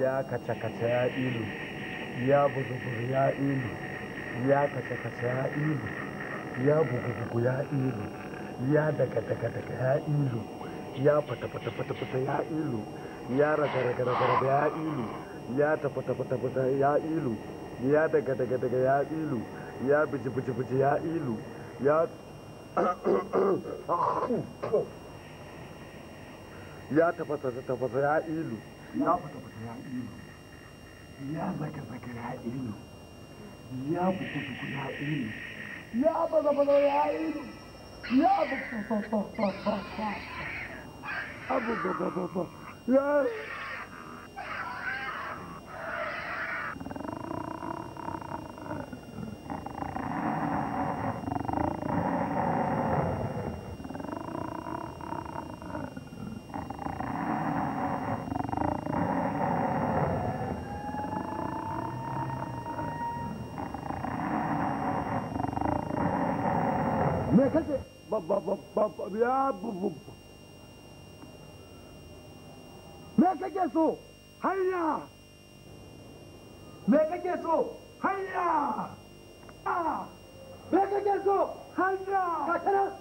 ya kace-kace ya ilu ya bugu-bugu ya ilu ya kace-kace ya ilu ya bugu ya ilu ya daga-daga-daga ya ilu ya fata-fata-fata ya ilu ya raga-raga-raga ya ilu ya tafi tafi ya ilu ya daga-daga-daga ya ilu ya biji-biji-biji ya ilu ya ya tafasa tafasa ya ilu ya fita ya ilu ya zaka zaka ya ilu ya fita fita ya ilu ya baza baza ya ilu ya fita fita fita ya me kace ya me kake so hanya me kake so hanya ah! me kake so hanya ka tara